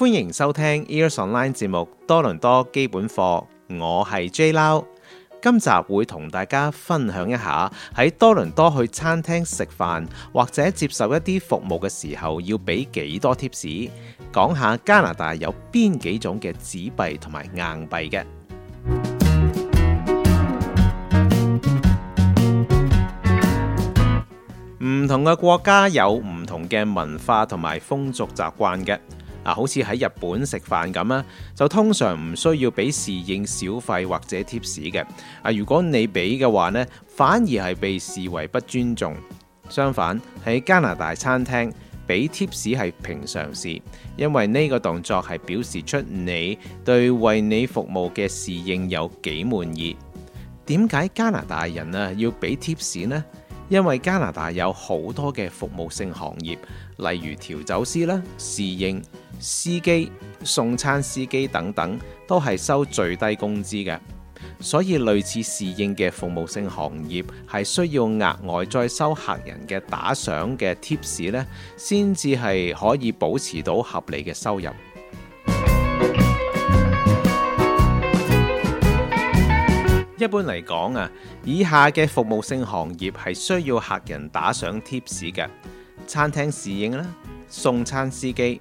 歡迎收聽 EarsOnline 節目多倫多基本課，我係 J Lau，今集會同大家分享一下喺多倫多去餐廳食飯或者接受一啲服務嘅時候要俾幾多 tips，講下加拿大有邊幾種嘅紙幣同埋硬幣嘅。唔同嘅國家有唔同嘅文化同埋風俗習慣嘅。嗱，好似喺日本食飯咁啦，就通常唔需要俾侍應小費或者 tips 嘅。啊，如果你俾嘅話呢，反而係被視為不尊重。相反喺加拿大餐廳俾 tips 係平常事，因為呢個動作係表示出你對為你服務嘅侍應有幾滿意。點解加拿大人啊要俾 tips 呢？因為加拿大有好多嘅服務性行業，例如調酒師啦、侍應。司機、送餐司機等等都係收最低工資嘅，所以類似侍應嘅服務性行業係需要額外再收客人嘅打賞嘅 tips 呢，先至係可以保持到合理嘅收入。一般嚟講啊，以下嘅服務性行業係需要客人打賞 tips 嘅，餐廳侍應啦，送餐司機。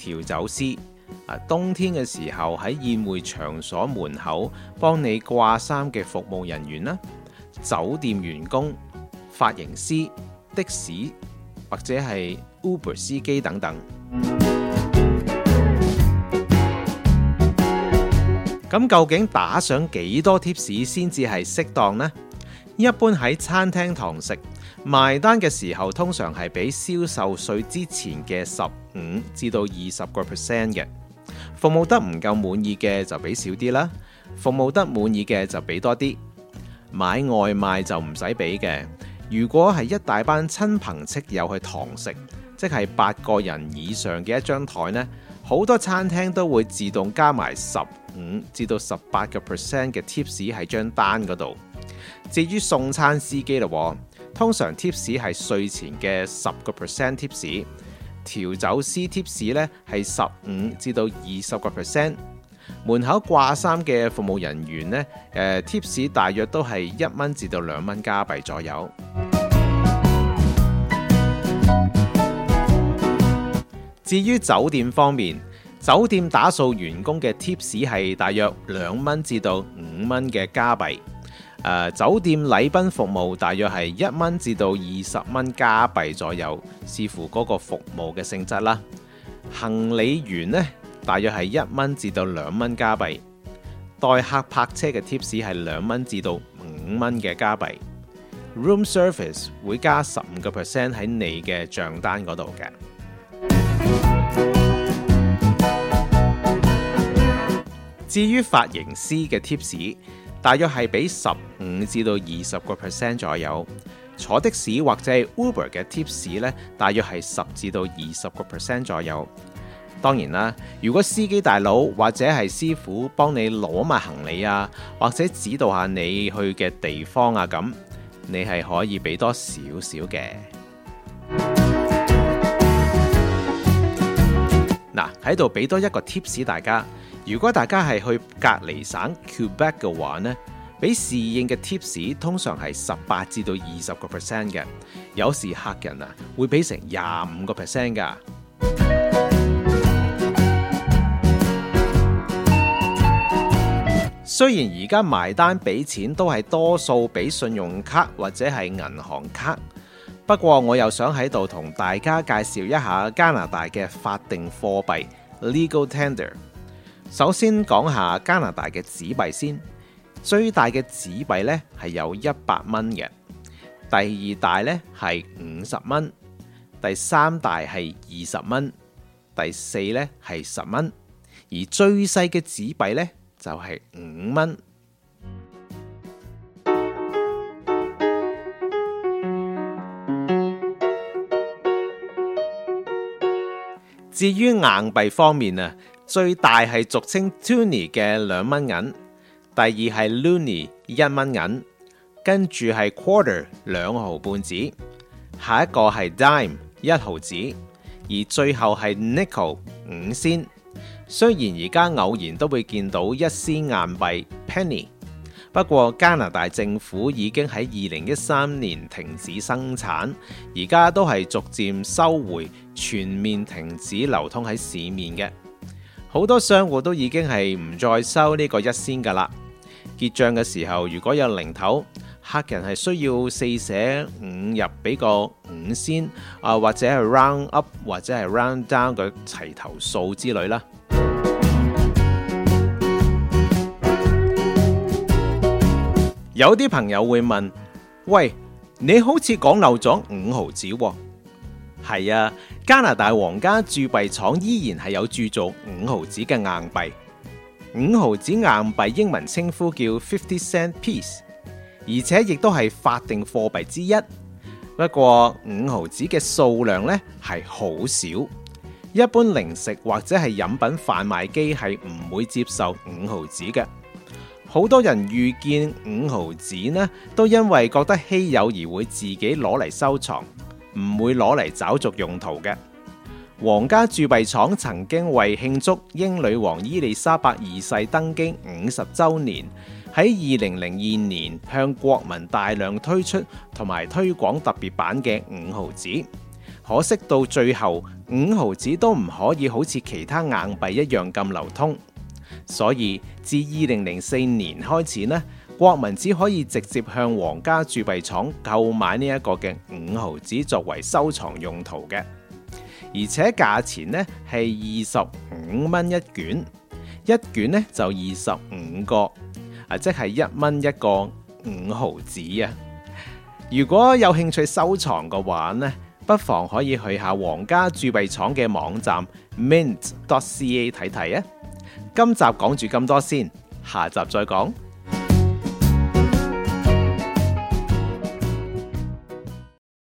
調酒師啊，冬天嘅時候喺宴會場所門口幫你掛衫嘅服務人員啦，酒店員工、髮型師、的士或者係 Uber 司機等等。咁究竟打上幾多 tips 先至係適當呢？一般喺餐廳堂食埋單嘅時候，通常係俾銷售稅之前嘅十五至到二十個 percent 嘅。服務得唔夠滿意嘅就俾少啲啦，服務得滿意嘅就俾多啲。買外賣就唔使俾嘅。如果係一大班親朋戚友去堂食，即係八個人以上嘅一張台呢，好多餐廳都會自動加埋十五至到十八個 percent 嘅 tips 喺張單嗰度。至於送餐司機啦，通常 tips 係稅前嘅十個 percent tips，調酒師 tips 咧係十五至到二十個 percent，門口掛衫嘅服務人員咧，誒 tips 大約都係一蚊至到兩蚊加幣左右。至於酒店方面，酒店打掃員工嘅 tips 係大約兩蚊至到五蚊嘅加幣。誒、呃，酒店禮賓服務大約係一蚊至到二十蚊加幣左右，視乎嗰個服務嘅性質啦。行李員呢，大約係一蚊至到兩蚊加幣。代客泊車嘅 tips 係兩蚊至到五蚊嘅加幣。Room service 會加十五個 percent 喺你嘅賬單嗰度嘅。至於髮型師嘅 tips。大約係俾十五至到二十個 percent 左右，坐的士或者 Uber 嘅 tips 呢，大約係十至到二十個 percent 左右。當然啦，如果司機大佬或者係師傅幫你攞埋行李啊，或者指導下你去嘅地方啊，咁你係可以俾多少少嘅。喺度俾多一個 tips 大家，如果大家係去隔離省 Quebec 嘅話呢，俾侍應嘅 tips 通常係十八至到二十個 percent 嘅，有時客人啊會俾成廿五個 percent 噶。雖然而家埋單俾錢都係多數俾信用卡或者係銀行卡。不過，我又想喺度同大家介紹一下加拿大嘅法定貨幣 Legal Tender。首先講下加拿大嘅紙幣先，最大嘅紙幣呢係有一百蚊嘅，第二大呢係五十蚊，第三大係二十蚊，第四呢係十蚊，而最細嘅紙幣呢就係五蚊。至於硬幣方面啊，最大係俗稱 toonie 嘅兩蚊銀，第二係 loonie 一蚊銀，跟住係 quarter 兩毫半子，下一個係 dime 一毫子，而最後係 nickel 五仙。雖然而家偶然都會見到一絲硬幣 penny。不過加拿大政府已經喺二零一三年停止生產，而家都係逐漸收回，全面停止流通喺市面嘅。好多商戶都已經係唔再收呢個一仙㗎啦。結帳嘅時候，如果有零頭，客人係需要四捨五入俾個五仙啊，或者係 round up 或者係 round down 嘅齊頭數之類啦。有啲朋友會問：喂，你好似講漏咗五毫子喎。係啊，加拿大皇家鑄幣廠依然係有鑄造五毫子嘅硬幣。五毫子硬幣英文稱呼叫 fifty-cent piece，而且亦都係法定貨幣之一。不過五毫子嘅數量呢，係好少，一般零食或者係飲品販賣機係唔會接受五毫子嘅。好多人遇見五毫子呢，都因為覺得稀有而會自己攞嚟收藏，唔會攞嚟找續用途嘅。皇家鑄幣廠曾經為慶祝英女王伊麗莎白二世登基五十週年，喺二零零二年向國民大量推出同埋推廣特別版嘅五毫子。可惜到最後，五毫子都唔可以好似其他硬幣一樣咁流通。所以自二零零四年開始呢，國民只可以直接向皇家鑄幣廠購買呢一個嘅五毫紙作為收藏用途嘅，而且價錢呢係二十五蚊一卷，一卷呢就二十五個啊，即係一蚊一個五毫紙啊。如果有興趣收藏嘅話呢，不妨可以去下皇家鑄幣廠嘅網站 mint.ca 睇睇啊。今集講住咁多先，下集再講。